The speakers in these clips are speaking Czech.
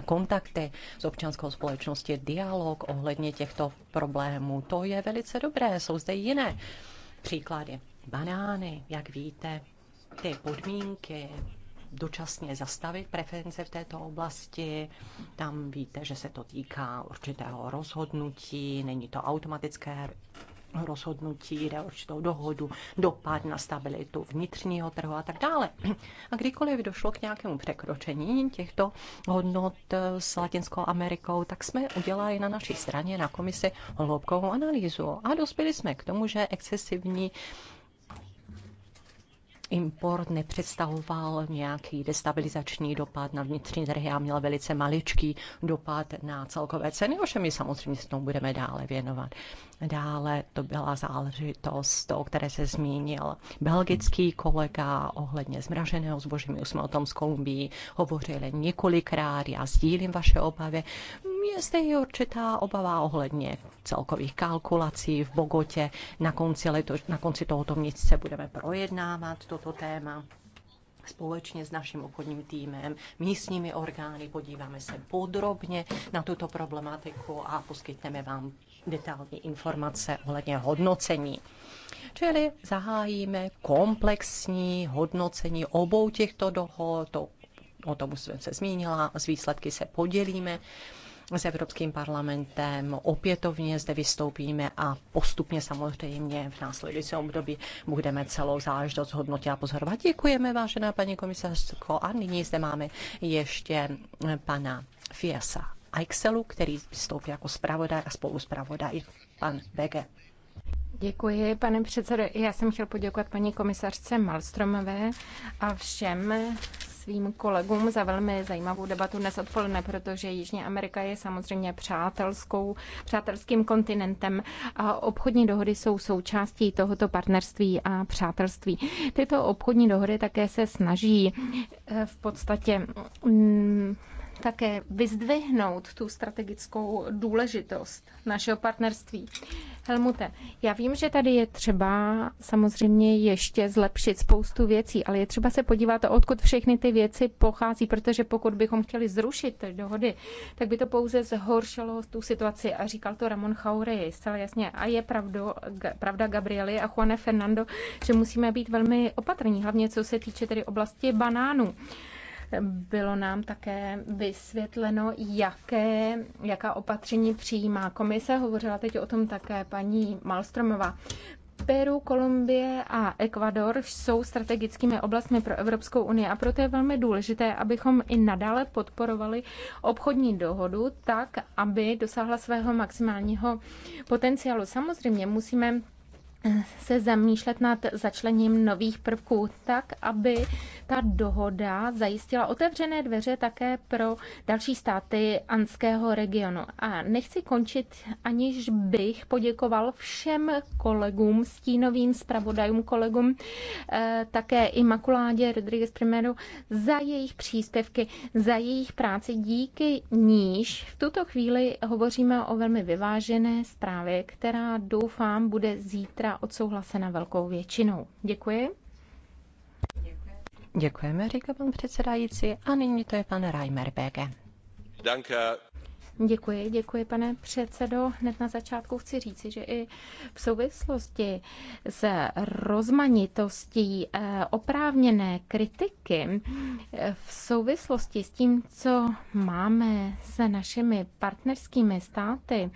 kontakty s občanskou společností, dialog ohledně těchto problémů. To je velice dobré. Jsou zde jiné příklady. Banány, jak víte, ty podmínky dočasně zastavit preference v této oblasti. Tam víte, že se to týká určitého rozhodnutí, není to automatické rozhodnutí, jde určitou dohodu, dopad na stabilitu vnitřního trhu a tak dále. A kdykoliv došlo k nějakému překročení těchto hodnot s Latinskou Amerikou, tak jsme udělali na naší straně, na komisi, hloubkovou analýzu a dospěli jsme k tomu, že excesivní import nepředstavoval nějaký destabilizační dopad na vnitřní trhy a měl velice maličký dopad na celkové ceny, ovšem my samozřejmě s tomu budeme dále věnovat. Dále to byla záležitost, o které se zmínil belgický kolega ohledně zmraženého zboží. My už jsme o tom z Kolumbii hovořili několikrát, já sdílím vaše obavy. Je zde i určitá obava ohledně celkových kalkulací v Bogotě. Na konci, leto, na konci tohoto měsíce budeme projednávat to toto téma společně s naším obchodním týmem, místními orgány, podíváme se podrobně na tuto problematiku a poskytneme vám detailní informace ohledně hodnocení. Čili zahájíme komplexní hodnocení obou těchto dohod, to, o tom jsem se zmínila, z výsledky se podělíme s Evropským parlamentem. Opětovně zde vystoupíme a postupně samozřejmě v následujícím období budeme celou záležitost hodnotit a pozorovat. Děkujeme, vážená paní komisařko. A nyní zde máme ještě pana Fiesa Aixelu, který vystoupí jako zpravodaj a spoluzpravodaj. Pan Bege. Děkuji, pane předsedo. Já jsem chtěl poděkovat paní komisařce Malstromové a všem svým kolegům za velmi zajímavou debatu dnes odpoledne, protože Jižní Amerika je samozřejmě přátelskou, přátelským kontinentem a obchodní dohody jsou součástí tohoto partnerství a přátelství. Tyto obchodní dohody také se snaží eh, v podstatě mm, také vyzdvihnout tu strategickou důležitost našeho partnerství. Helmute, já vím, že tady je třeba samozřejmě ještě zlepšit spoustu věcí, ale je třeba se podívat, odkud všechny ty věci pochází, protože pokud bychom chtěli zrušit dohody, tak by to pouze zhoršilo tu situaci a říkal to Ramon Chaury zcela jasně. A je pravdo, pravda Gabrieli a Juane Fernando, že musíme být velmi opatrní, hlavně co se týče tedy oblasti banánů. Bylo nám také vysvětleno, jaké, jaká opatření přijímá komise. Hovořila teď o tom také paní Malstromová. Peru, Kolumbie a Ekvador jsou strategickými oblastmi pro Evropskou unii a proto je velmi důležité, abychom i nadále podporovali obchodní dohodu tak, aby dosáhla svého maximálního potenciálu. Samozřejmě musíme se zamýšlet nad začlením nových prvků tak, aby ta dohoda zajistila otevřené dveře také pro další státy Anského regionu. A nechci končit, aniž bych poděkoval všem kolegům, stínovým zpravodajům, kolegům, eh, také i Makuládě Rodriguez Primero za jejich příspěvky, za jejich práci, díky níž v tuto chvíli hovoříme o velmi vyvážené zprávě, která doufám bude zítra odsouhlasena velkou většinou. Děkuji. Děkujeme, říká pan předsedající. A nyní to je pan Reimer BG. Děkuji, děkuji, pane předsedo. Hned na začátku chci říci, že i v souvislosti s rozmanitostí eh, oprávněné kritiky, eh, v souvislosti s tím, co máme se našimi partnerskými státy,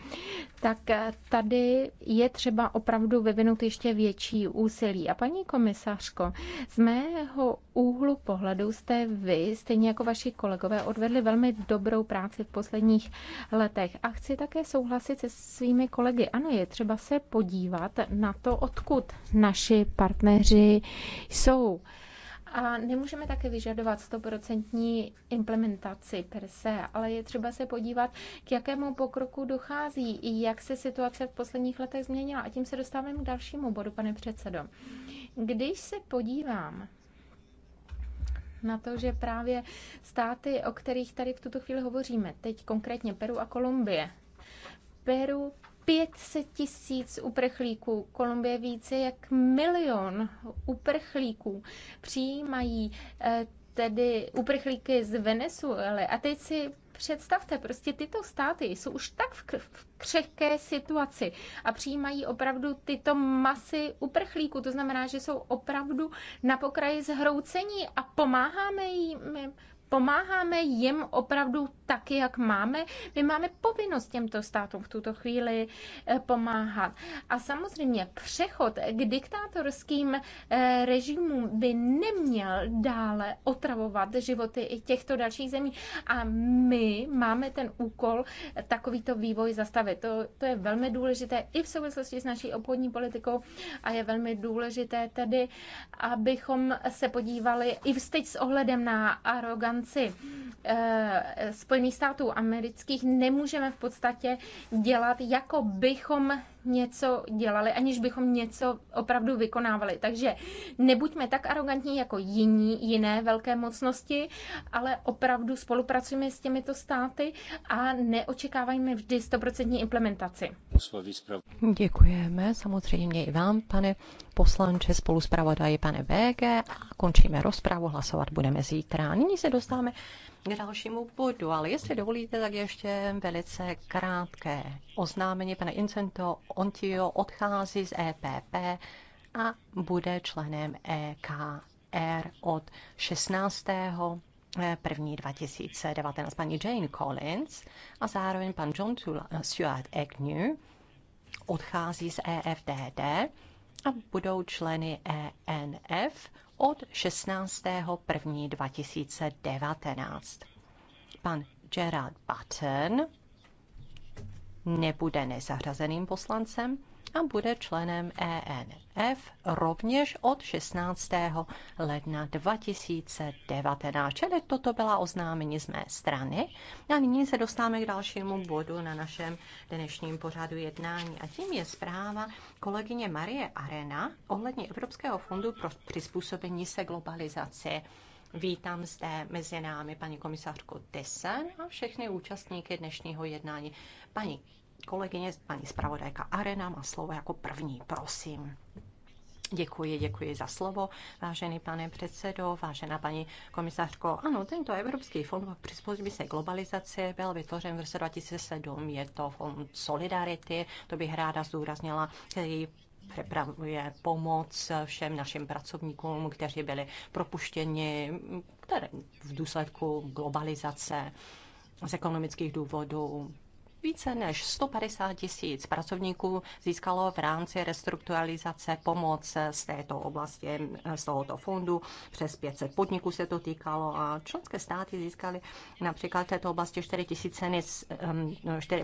tak eh, tady je třeba opravdu vyvinout ještě větší úsilí. A paní komisařko, z mého úhlu pohledu jste vy, stejně jako vaši kolegové, odvedli velmi dobrou práci v posledních letech. A chci také souhlasit se svými kolegy. Ano, je třeba se podívat na to, odkud naši partneři jsou. A nemůžeme také vyžadovat stoprocentní implementaci per se, ale je třeba se podívat, k jakému pokroku dochází i jak se situace v posledních letech změnila. A tím se dostávám k dalšímu bodu, pane předsedo. Když se podívám na to, že právě státy, o kterých tady v tuto chvíli hovoříme, teď konkrétně Peru a Kolumbie, Peru 500 tisíc uprchlíků, Kolumbie více jak milion uprchlíků přijímají eh, tedy uprchlíky z Venezuely. A teď si představte, prostě tyto státy jsou už tak v, v křehké situaci a přijímají opravdu tyto masy uprchlíků. To znamená, že jsou opravdu na pokraji zhroucení a pomáháme jim, pomáháme jim opravdu taky, jak máme. My máme povinnost těmto státům v tuto chvíli eh, pomáhat. A samozřejmě přechod k diktátorským eh, režimům by neměl dále otravovat životy těchto dalších zemí. A my máme ten úkol eh, takovýto vývoj zastavit. To, to je velmi důležité i v souvislosti s naší obchodní politikou a je velmi důležité tedy, abychom se podívali i vsteď s ohledem na aroganci rámci eh, Spojených států amerických nemůžeme v podstatě dělat, jako bychom něco dělali, aniž bychom něco opravdu vykonávali. Takže nebuďme tak arrogantní jako jiní, jiné velké mocnosti, ale opravdu spolupracujeme s těmito státy a neočekávajme vždy 100% implementaci. Děkujeme samozřejmě i vám, pane poslanče, spolu zpravodaji, pane VG a končíme rozpravu, hlasovat budeme zítra. Nyní se dostáváme k dalšímu bodu, ale jestli dovolíte, tak ještě velice krátké oznámení. Pane Incento Ontio odchází z EPP a bude členem EKR od 16. 1. 2019 paní Jane Collins a zároveň pan John Stuart Agnew odchází z EFDD a budou členy ENF od 16.1.2019. Pan Gerard Button nebude nezařazeným poslancem, a bude členem ENF rovněž od 16. ledna 2019. Čili toto byla oznámení z mé strany. A nyní se dostáváme k dalšímu bodu na našem dnešním pořadu jednání. A tím je zpráva kolegyně Marie Arena ohledně Evropského fondu pro přizpůsobení se globalizaci. Vítám zde mezi námi paní komisařku Tesen a všechny účastníky dnešního jednání. Paní kolegyně paní zpravodajka Arena má slovo jako první. Prosím. Děkuji, děkuji za slovo, vážený pane předsedo, vážená paní komisařko. Ano, tento Evropský fond přizpůsobí se globalizaci byl vytvořen v roce 2007. Je to fond Solidarity, to bych ráda zdůraznila, který připravuje pomoc všem našim pracovníkům, kteří byli propuštěni které v důsledku globalizace z ekonomických důvodů více než 150 tisíc pracovníků získalo v rámci restrukturalizace pomoc z této oblasti, z tohoto fondu. Přes 500 podniků se to týkalo a členské státy získaly například v této oblasti 4 tisíce um,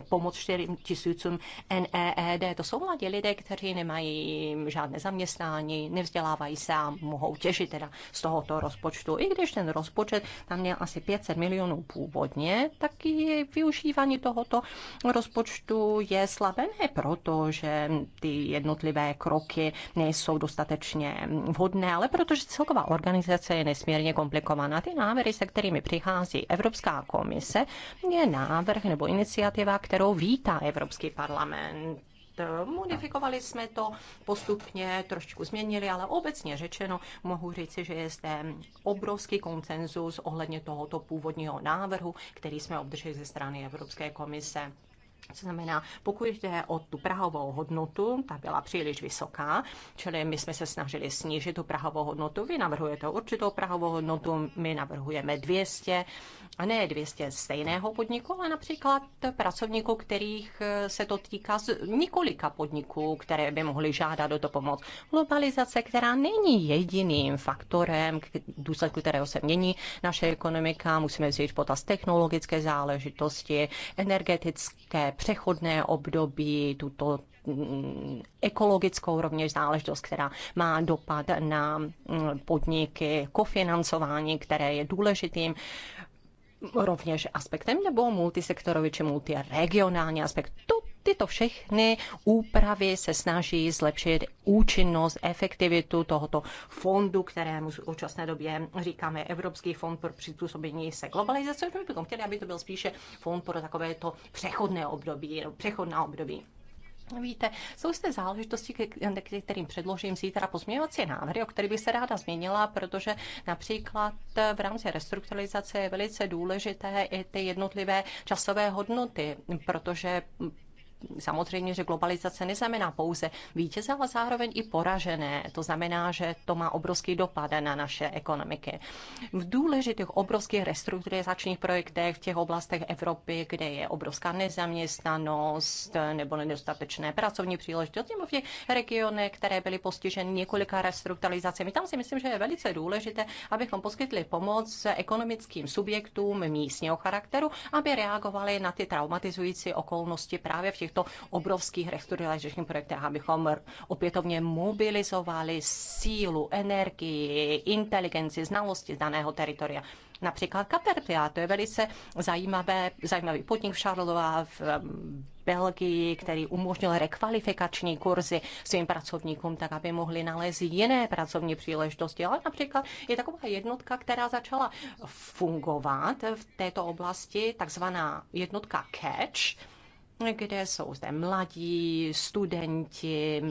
pomoc 4 tisícům NEED. To jsou mladí lidé, kteří nemají žádné zaměstnání, nevzdělávají se a mohou těžit teda z tohoto rozpočtu. I když ten rozpočet tam měl asi 500 milionů původně, tak je využívání tohoto rozpočtu je slabé ne proto, že ty jednotlivé kroky nejsou dostatečně vhodné, ale protože celková organizace je nesmírně komplikovaná. Ty návrhy, se kterými přichází Evropská komise, je návrh nebo iniciativa, kterou vítá Evropský parlament modifikovali jsme to postupně, trošku změnili, ale obecně řečeno mohu říci, že je zde obrovský koncenzus ohledně tohoto původního návrhu, který jsme obdrželi ze strany Evropské komise. To znamená, pokud jde o tu prahovou hodnotu, ta byla příliš vysoká, čili my jsme se snažili snížit tu prahovou hodnotu. Vy navrhujete určitou prahovou hodnotu, my navrhujeme 200, a ne 200 stejného podniku, ale například pracovníků, kterých se to týká z několika podniků, které by mohly žádat o to pomoc. Globalizace, která není jediným faktorem, důsledku kterého se mění naše ekonomika, musíme vzít potaz technologické záležitosti, energetické přechodné období, tuto mm, ekologickou rovněž záležitost, která má dopad na mm, podniky, kofinancování, které je důležitým rovněž aspektem, nebo multisektorový či multiregionální aspekt. To tyto všechny úpravy se snaží zlepšit účinnost, efektivitu tohoto fondu, kterému v současné době říkáme Evropský fond pro přizpůsobení se globalizaci. My bychom chtěli, aby to byl spíše fond pro takovéto přechodné období, přechodná období. Víte, jsou zde záležitosti, kterým předložím zítra pozměňovací návrhy, o kterých bych se ráda změnila, protože například v rámci restrukturalizace je velice důležité i ty jednotlivé časové hodnoty, protože samozřejmě, že globalizace neznamená pouze vítěze, ale zároveň i poražené. To znamená, že to má obrovský dopad na naše ekonomiky. V důležitých obrovských restrukturizačních projektech v těch oblastech Evropy, kde je obrovská nezaměstnanost nebo nedostatečné pracovní příležitosti, nebo v těch regionech, které byly postiženy několika restrukturalizacemi, tam si myslím, že je velice důležité, abychom poskytli pomoc ekonomickým subjektům místního charakteru, aby reagovali na ty traumatizující okolnosti právě v těch těchto obrovských restrukturalizačních projektech, abychom opětovně mobilizovali sílu, energii, inteligenci, znalosti z daného teritoria. Například Caterpillar, to je velice zajímavé, zajímavý podnik v Charlova v um, Belgii, který umožnil rekvalifikační kurzy svým pracovníkům, tak aby mohli nalézt jiné pracovní příležitosti. Ale například je taková jednotka, která začala fungovat v této oblasti, takzvaná jednotka CATCH, kde jsou zde mladí, studenti,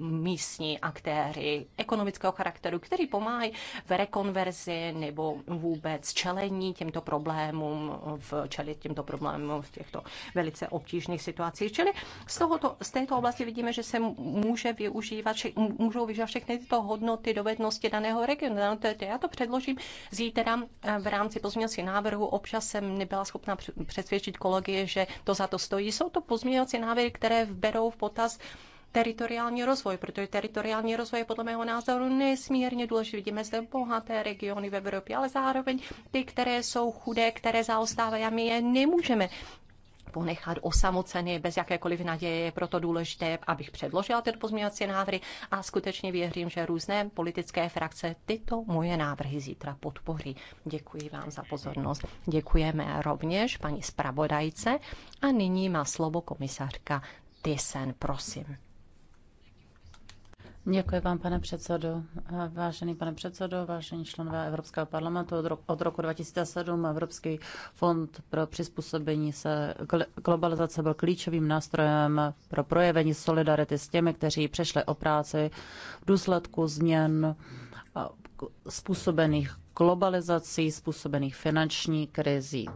místní aktéři ekonomického charakteru, kteří pomáhají v rekonverzi nebo vůbec čelení těmto problémům, v čelit těmto problémům v těchto velice obtížných situacích. Čili z, tohoto, z této oblasti vidíme, že se může využívat, můžou využívat všechny tyto hodnoty, dovednosti daného regionu. Já to předložím zítra eh, v rámci pozměňovacího návrhu. Občas jsem nebyla schopna přesvědčit kolegy, že to za to stojí jsou to pozměňovací návrhy, které berou v potaz teritoriální rozvoj, protože teritoriální rozvoj je podle mého názoru nesmírně důležitý. Vidíme zde bohaté regiony v Evropě, ale zároveň ty, které jsou chudé, které zaostávají a my je nemůžeme ponechat osamoceny bez jakékoliv naděje. Je proto důležité, abych předložila tyto pozměňovací návrhy a skutečně věřím, že různé politické frakce tyto moje návrhy zítra podpoří. Děkuji vám za pozornost. Děkujeme rovněž paní zpravodajce a nyní má slovo komisařka Tysen, prosím. Děkuji vám, pane předsedo. Vážený pane předsedo, vážení členové Evropského parlamentu, od roku 2007 Evropský fond pro přizpůsobení se globalizace byl klíčovým nástrojem pro projevení solidarity s těmi, kteří přešli o práci v důsledku změn způsobených globalizací, způsobených finanční krizí.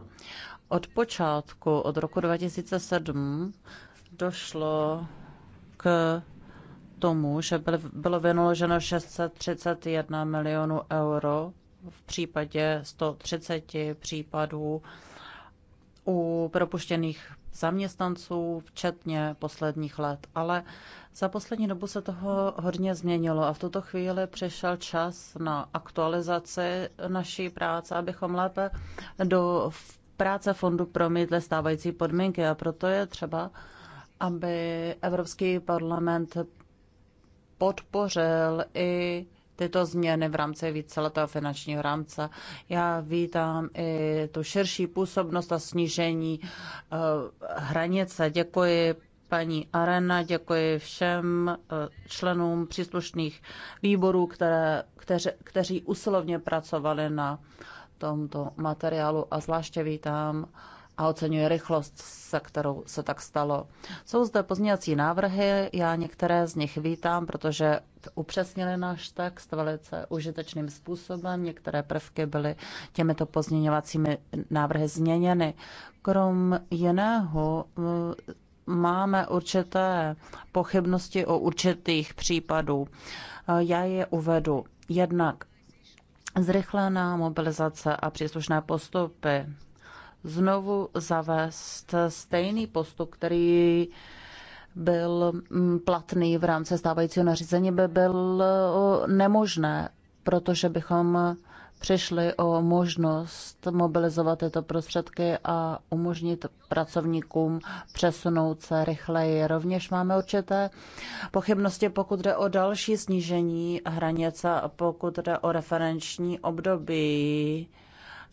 Od počátku, od roku 2007, došlo k tomu, že bylo vynaloženo 631 milionů euro v případě 130 případů u propuštěných zaměstnanců, včetně posledních let. Ale za poslední dobu se toho hodně změnilo a v tuto chvíli přišel čas na aktualizaci naší práce, abychom lépe do práce fondu promítli stávající podmínky a proto je třeba, aby Evropský parlament podpořil i tyto změny v rámci víceletého finančního rámce. Já vítám i tu širší působnost a snížení eh, hranice. Děkuji paní Arena, děkuji všem eh, členům příslušných výborů, které, kteři, kteří usilovně pracovali na tomto materiálu a zvláště vítám a oceňuje rychlost, se kterou se tak stalo. Jsou zde pozměňovací návrhy, já některé z nich vítám, protože upřesnili náš text velice užitečným způsobem. Některé prvky byly těmito pozměňovacími návrhy změněny. Krom jiného máme určité pochybnosti o určitých případů. Já je uvedu. Jednak zrychlená mobilizace a příslušné postupy znovu zavést stejný postup, který byl mm, platný v rámci stávajícího nařízení, by byl e, nemožné, protože bychom přišli o možnost mobilizovat tyto prostředky a umožnit pracovníkům přesunout se rychleji. Rovněž máme určité pochybnosti, pokud jde o další snížení hranice a pokud jde o referenční období.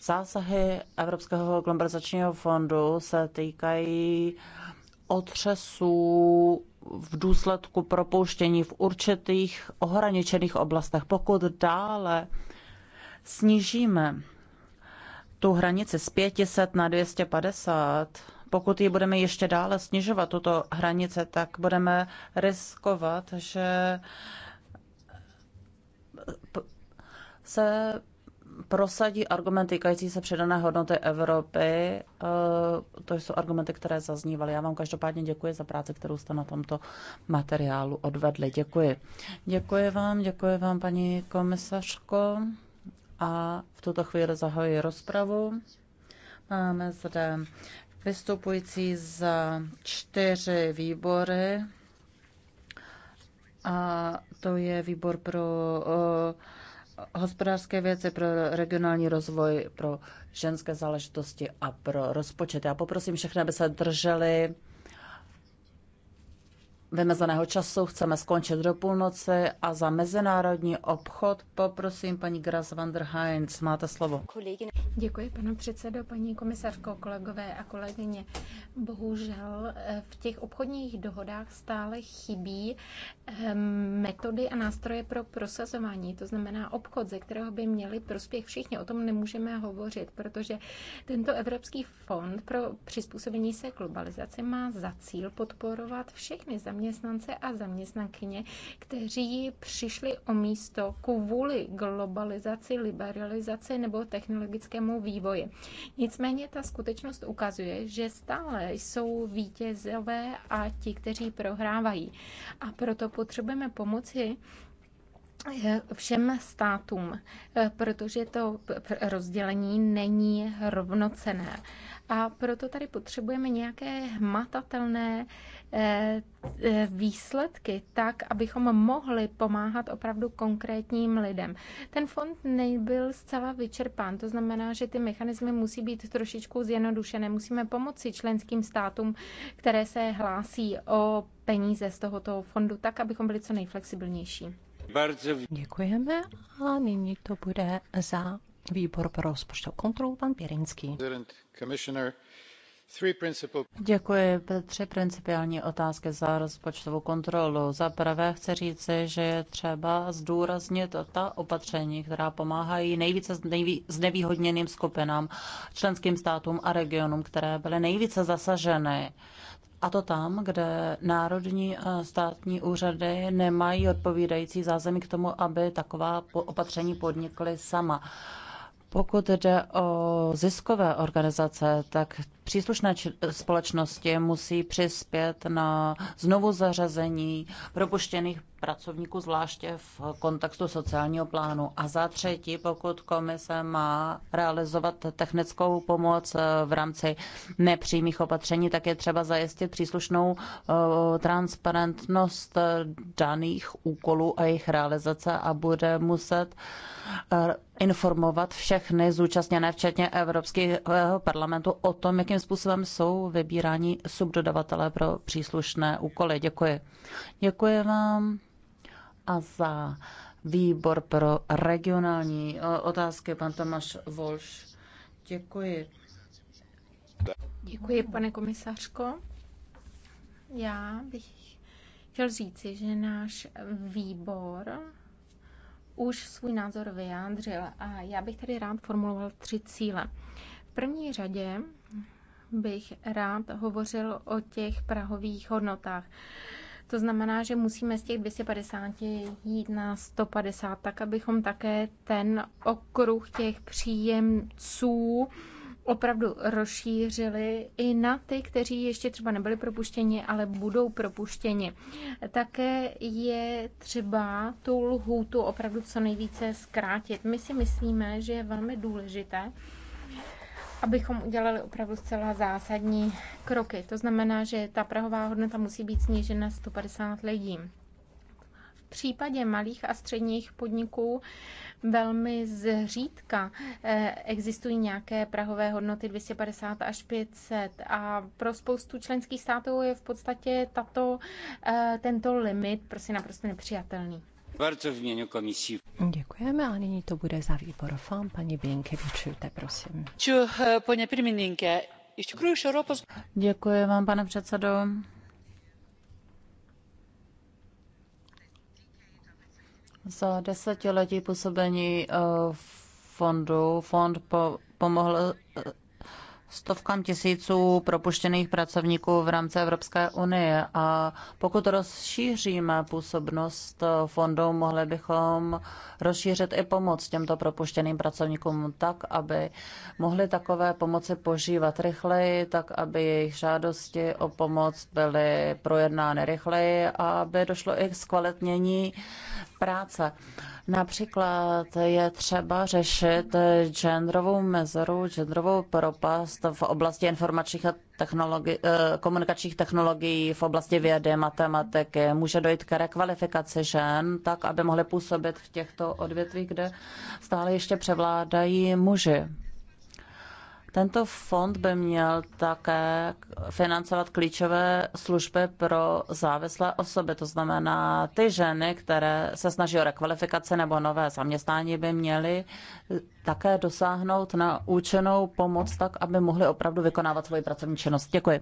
Zásahy Evropského globalizačního fondu se týkají otřesů v důsledku propouštění v určitých ohraničených oblastech. Pokud dále snížíme tu hranici z 500 na 250, pokud ji budeme ještě dále snižovat, tuto hranice, tak budeme riskovat, že se prosadí argumenty týkající se předané hodnoty Evropy. Eh, to jsou argumenty, které zaznívaly. Já vám každopádně děkuji za práci, kterou jste na tomto materiálu odvedli. Děkuji. Děkuji vám, děkuji vám, paní komisařko. A v tuto chvíli zahajuji rozpravu. Máme zde vystupující za čtyři výbory. A to je výbor pro uh, hospodářské věci, pro regionální rozvoj, pro ženské záležitosti a pro rozpočet. Já poprosím všechny, aby se drželi vymezeného času, chceme skončit do půlnoci a za mezinárodní obchod poprosím paní Gras van der Heinz, máte slovo. Děkuji, pane předsedo, paní komisařko, kolegové a kolegyně. Bohužel eh, v těch obchodních dohodách stále chybí ehm, metody a nástroje pro prosazování, to znamená obchod, ze kterého by měli prospěch všichni. O tom nemůžeme hovořit, protože tento Evropský fond pro přizpůsobení se globalizaci má za cíl podporovat všechny zaměstnance zaměstnance a zaměstnankyně, kteří přišli o místo kvůli globalizaci, liberalizaci nebo technologickému vývoji. Nicméně ta skutečnost ukazuje, že stále jsou vítězové a ti, kteří prohrávají. A proto potřebujeme pomoci eh, všem státům, eh, protože to rozdělení není rovnocené. A proto tady potřebujeme nějaké hmatatelné Eh, eh, výsledky tak, abychom mohli pomáhat opravdu konkrétním lidem. Ten fond nebyl zcela vyčerpán, to znamená, že ty mechanismy musí být trošičku zjednodušené. Musíme pomoci členským státům, které se hlásí o peníze z tohoto fondu, tak, abychom byli co nejflexibilnější. Děkujeme a nyní to bude za výbor pro rozpočtovou kontrolu pan Pěrinský. Děkuji. Tři principiální otázky za rozpočtovou kontrolu. Za prvé chci říci, že je třeba zdůraznit ta opatření, která pomáhají nejvíce znevýhodněným skupinám, členským státům a regionům, které byly nejvíce zasaženy. A to tam, kde národní a státní úřady nemají odpovídající zázemí k tomu, aby taková opatření podnikly sama. Pokud jde o ziskové organizace, tak Příslušné společnosti musí přispět na znovu zařazení propuštěných pracovníků, zvláště v kontextu sociálního plánu. A za třetí, pokud komise má realizovat technickou pomoc eh, v rámci nepřímých opatření, tak je třeba zajistit příslušnou eh, transparentnost eh, daných úkolů a jejich realizace a bude muset informovat všechny zúčastněné, včetně Evropského parlamentu, o tom, jakým jakým způsobem jsou vybíráni subdodavatelé pro příslušné úkoly. Děkuji. Děkuji vám a za výbor pro regionální eh, otázky pan Tomáš Volš. Děkuji. Děkuji, pane komisařko. Já bych chtěl říci, že náš výbor už svůj názor vyjádřil a já bych tady rád formuloval tři cíle. V první řadě bych rád hovořil o těch prahových hodnotách. To znamená, že musíme z těch 250 jít na 150, tak abychom také ten okruh těch příjemců opravdu rozšířili i na ty, kteří ještě třeba nebyli propuštěni, ale budou propuštěni. Také je třeba tu lhůtu opravdu co nejvíce zkrátit. My si myslíme, že je velmi důležité, abychom udělali opravdu zcela zásadní kroky. To znamená, že ta prahová hodnota musí být snížena 150 lidí. V případě malých a středních podniků velmi zřídka eh, existují nějaké prahové hodnoty 250 až 500 a pro spoustu členských států je v podstatě tato, eh, tento limit prostě naprosto nepřijatelný. Děkujeme a nyní to bude za výbor FAM. Paní Běnkevičujte, prosím. E, Děkuji vám, pane předsedo. Za desetiletí působení e, fondu fond pomohl e, stovkám tisíců propuštěných pracovníků v rámci Evropské unie. A pokud rozšíříme působnost fondů, mohli bychom rozšířit i pomoc těmto propuštěným pracovníkům tak, aby mohli takové pomoci požívat rychleji, tak, aby jejich žádosti o pomoc byly projednány rychleji a aby došlo i k zkvalitnění práce. Například je třeba řešit genderovou mezeru, genderovou propast v oblasti informačních a technologi- eh, komunikačních technologií, v oblasti vědy, matematiky. Může dojít k rekvalifikaci žen, tak aby mohly působit v těchto odvětvích, kde stále ještě převládají muži. Tento fond by měl také financovat klíčové služby pro závislé osoby, to znamená ty ženy, které se snaží o rekvalifikaci nebo nové zaměstnání, by měly také dosáhnout na účinnou pomoc tak, aby mohly opravdu vykonávat svoji pracovní činnost. Děkuji.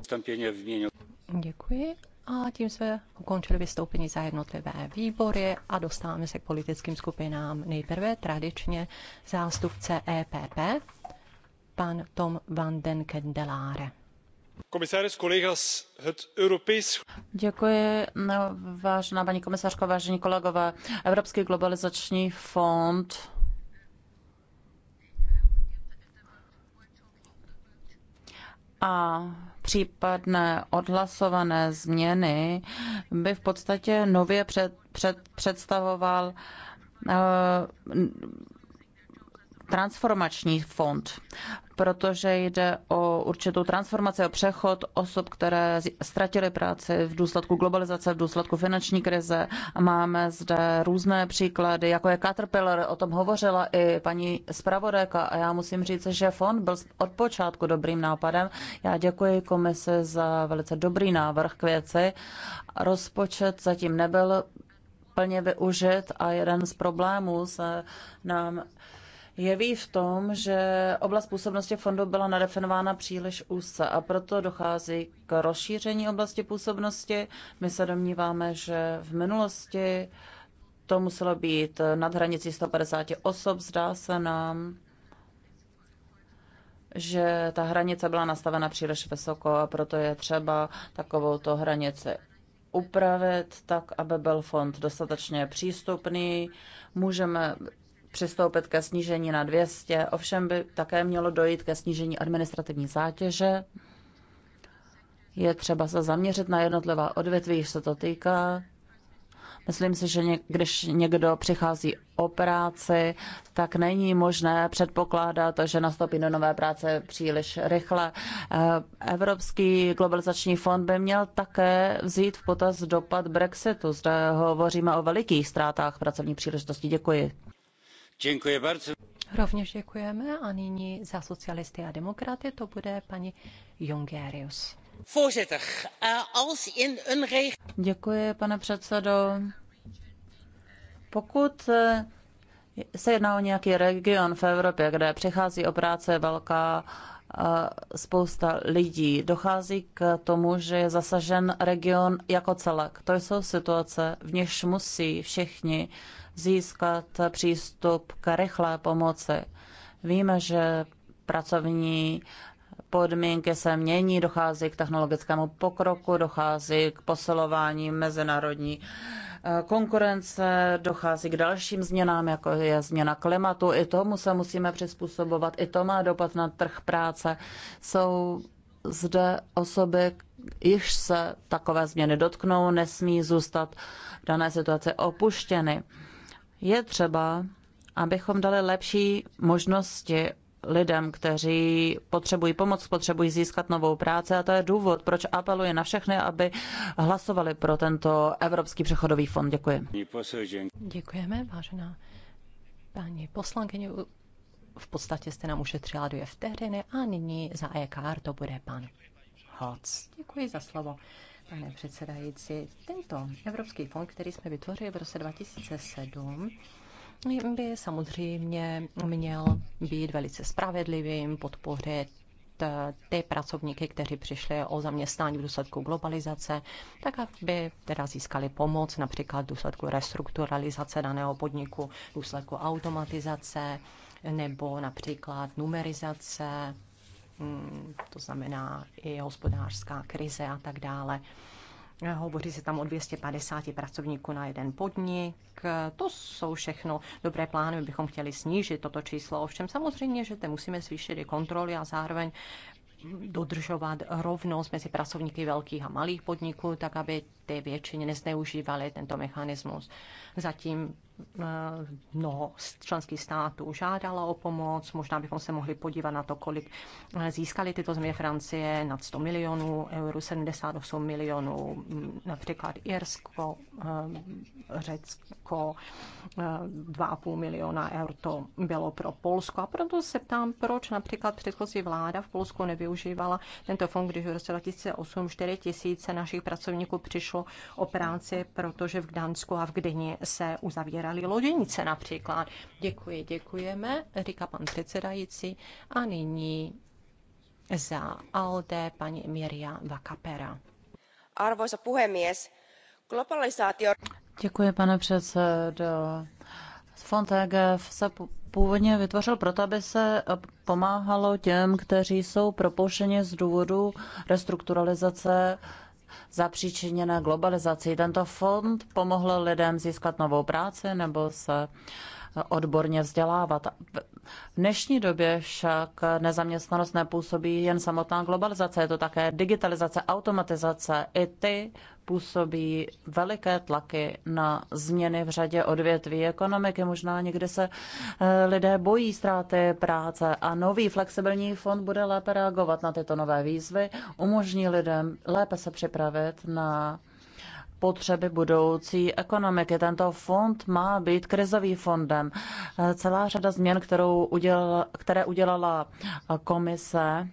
Děkuji. A tím jsme ukončili vystoupení za jednotlivé výbory a dostáváme se k politickým skupinám. Nejprve tradičně zástupce EPP pan Tom van den Kendelare. Komisaris, kolegas, het Europees... Děkuji, vážená paní komisařko, vážení kolegové. Evropský globalizační fond a případné odhlasované změny by v podstatě nově před, před, představoval uh, transformační fond, protože jde o určitou transformaci, o přechod osob, které ztratily práci v důsledku globalizace, v důsledku finanční krize. A máme zde různé příklady, jako je Caterpillar, o tom hovořila i paní zpravodajka a já musím říct, že fond byl od počátku dobrým nápadem. Já děkuji komise za velice dobrý návrh k věci. Rozpočet zatím nebyl plně využit a jeden z problémů se nám jeví v tom, že oblast působnosti fondu byla nadefinována příliš úzce a proto dochází k rozšíření oblasti působnosti. My se domníváme, že v minulosti to muselo být nad hranicí 150 osob, zdá se nám že ta hranice byla nastavena příliš vysoko a proto je třeba takovou to hranici upravit tak, aby byl fond dostatečně přístupný. Můžeme přistoupit ke snížení na 200, ovšem by také mělo dojít ke snížení administrativní zátěže. Je třeba se zaměřit na jednotlivá odvětví, když se to týká. Myslím si, že když někdo přichází o práci, tak není možné předpokládat, že nastoupí do nové práce příliš rychle. Eh, Evropský globalizační fond by měl také vzít v potaz dopad Brexitu. Zde hovoříme o velikých ztrátách pracovní příležitostí. Děkuji. Děkuji Rovněž děkujeme a nyní za socialisty a demokraty to bude paní Jongerius. Eh, Děkuji, pane předsedo. Pokud eh, se jedná o nějaký region v Evropě, kde přichází o práce velká spousta lidí. Dochází k tomu, že je zasažen region jako celek. To jsou situace, v něž musí všichni získat přístup k rychlé pomoci. Víme, že pracovní podmínky se mění, dochází k technologickému pokroku, dochází k posilování mezinárodní eh, konkurence, dochází k dalším změnám, jako je změna klimatu. I tomu se musíme přizpůsobovat, i to má dopad na trh práce. Jsou zde osoby, již se takové změny dotknou, nesmí zůstat v dané situaci opuštěny. Je třeba, abychom dali lepší možnosti lidem, kteří potřebují pomoc, potřebují získat novou práci a to je důvod, proč apeluje na všechny, aby hlasovali pro tento Evropský přechodový fond. Děkuji. Děkujeme, vážená paní poslankyně. V podstatě jste nám ušetřila dvě vteřiny a nyní za EKR to bude pan Hoc. Děkuji za slovo. Pane předsedající, tento Evropský fond, který jsme vytvořili v roce 2007, by samozřejmě měl být velice spravedlivým, podpořit eh, ty pracovníky, kteří přišli o zaměstnání v důsledku globalizace, tak aby teda získali pomoc například v důsledku restrukturalizace daného podniku, v důsledku automatizace nebo například numerizace, mm, to znamená i hospodářská krize a tak dále. Hovoří se tam o 250 pracovníků na jeden podnik. To jsou všechno dobré plány, my bychom chtěli snížit toto číslo. Ovšem samozřejmě, že te musíme zvýšit i kontroly a zároveň dodržovat rovnost mezi pracovníky velkých a malých podniků, tak aby ty většině nezneužívaly tento mechanismus. Zatím Eh, mnoho členských států žádalo o pomoc. Možná bychom se mohli podívat na to, kolik eh, získali tyto země Francie, nad 100 milionů eur, 78 milionů, hm, například Irsko, eh, Řecko, 2,5 miliona eur to bylo pro Polsko. A proto se ptám, proč například předchozí vláda v Polsku nevyužívala tento fond, když v roce 2008 4 tisíce našich pracovníků přišlo o práci, protože v Gdansku a v Gdyni se uzavírá prodali loděnice například. Děkuji, děkujeme, říká pan předsedající. A nyní za ALDE paní Mirja Vakapera. Arvoisa puhemies, globalisaatio... Děkuji, pane předsedo. Fond EGF se původně vytvořil proto, aby se pomáhalo těm, kteří jsou propouštěni z důvodu restrukturalizace zapříčiněné globalizací. Tento fond pomohl lidem získat novou práci nebo se odborně vzdělávat. V dnešní době však nezaměstnanost nepůsobí jen samotná globalizace, je to také digitalizace, automatizace. I ty působí veliké tlaky na změny v řadě odvětví ekonomiky. Možná někde se eh, lidé bojí ztráty práce a nový flexibilní fond bude lépe reagovat na tyto nové výzvy, umožní lidem lépe se připravit na potřeby budoucí ekonomiky. Tento fond má být krizový fondem. Celá řada změn, kterou udělala, které udělala komise,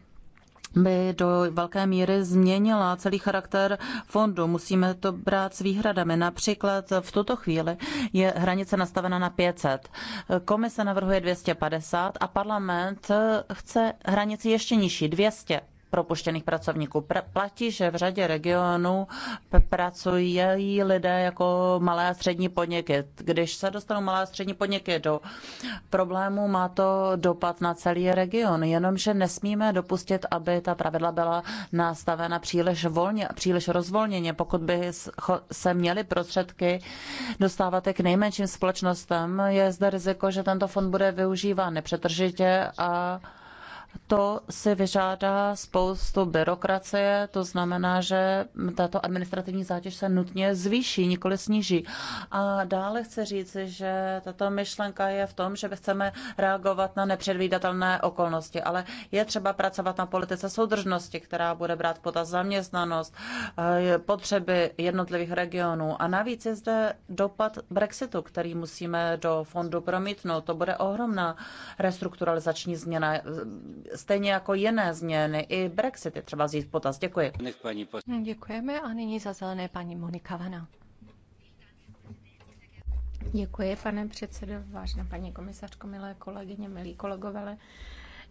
by do velké míry změnila celý charakter fondu. Musíme to brát s výhradami. Například v tuto chvíli je hranice nastavena na 500. Komise navrhuje 250 a parlament chce hranici ještě nižší, 200 propuštěných pracovníků. Pr- platí, že v řadě regionů pracují lidé jako malé a střední podniky. Když se dostanou malé a střední podniky do problému, má to dopad na celý region. Jenomže nesmíme dopustit, aby ta pravidla byla nastavena příliš volně a příliš rozvolněně. Pokud by se měly prostředky dostávat k nejmenším společnostem, je zde riziko, že tento fond bude využíván nepřetržitě a to si vyžádá spoustu byrokracie, to znamená, že tato administrativní zátěž se nutně zvýší, nikoli sníží. A dále chci říct, že tato myšlenka je v tom, že chceme reagovat na nepředvídatelné okolnosti, ale je třeba pracovat na politice soudržnosti, která bude brát potaz zaměstnanost, eh, potřeby jednotlivých regionů. A navíc je zde dopad Brexitu, který musíme do fondu promítnout. To bude ohromná restrukturalizační změna stejně jako jiné změny. I Brexit je třeba vzít v potaz. Děkuji. Děkujeme a nyní za zelené paní Monika Vana. Děkuji, pane předsedo, vážná paní komisařko, milé kolegyně, milí kolegové.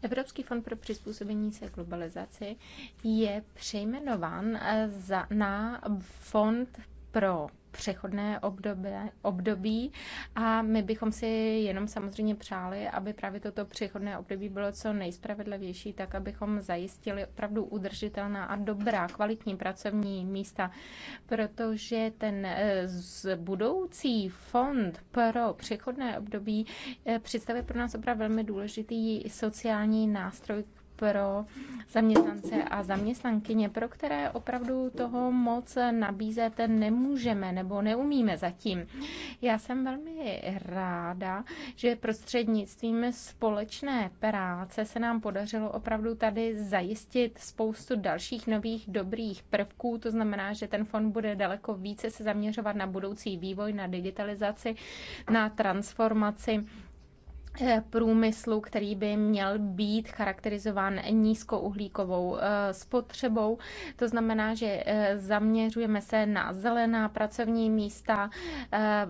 Evropský fond pro přizpůsobení se globalizaci je přejmenován eh, za, na fond pro přechodné období, období a my bychom si jenom samozřejmě přáli, aby právě toto přechodné období bylo co nejspravedlivější, tak abychom zajistili opravdu udržitelná a dobrá, kvalitní pracovní místa, protože ten eh, budoucí fond pro přechodné období eh, představuje pro nás opravdu velmi důležitý sociální nástroj, pro zaměstnance a zaměstnankyně, pro které opravdu toho moc nabízet nemůžeme nebo neumíme zatím. Já jsem velmi ráda, že prostřednictvím společné práce se nám podařilo opravdu tady zajistit spoustu dalších nových dobrých prvků. To znamená, že ten fond bude daleko více se zaměřovat na budoucí vývoj, na digitalizaci, na transformaci Eh, průmyslu, který by měl být charakterizován nízkouhlíkovou eh, spotřebou. To znamená, že eh, zaměřujeme se na zelená pracovní místa,